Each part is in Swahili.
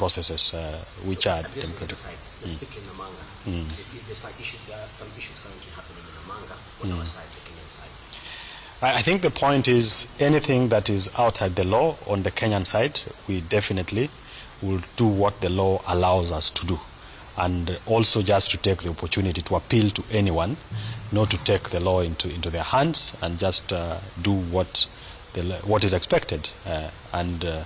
processes uh, which so, are democratic. Side, specifically mm. in Namanga, mm. there's some issues, there are some issues currently happening in Namanga on mm. our side, the Kenyan side. I think the point is anything that is outside the law on the Kenyan side, we definitely will do what the law allows us to do. And also just to take the opportunity to appeal to anyone, not to take the law into, into their hands and just uh, do what, the, what is expected. Uh, and uh,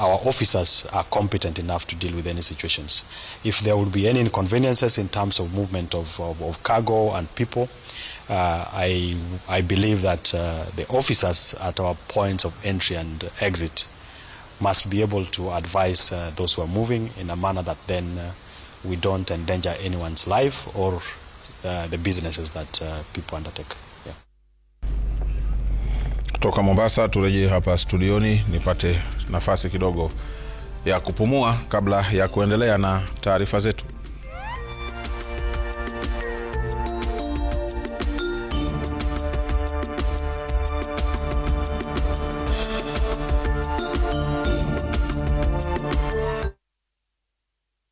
our officers are competent enough to deal with any situations. If there will be any inconveniences in terms of movement of, of, of cargo and people, uh, I, I believe that uh, the officers at our points of entry and exit must be able to advise uh, those who are moving in a manner that then uh, we don't endanger anyone's life or uh, the businesses that uh, people undertake. Kutoka Mombasa turejee hapa studioni nipate nafasi kidogo ya kupumua kabla ya kuendelea na taarifa zetu.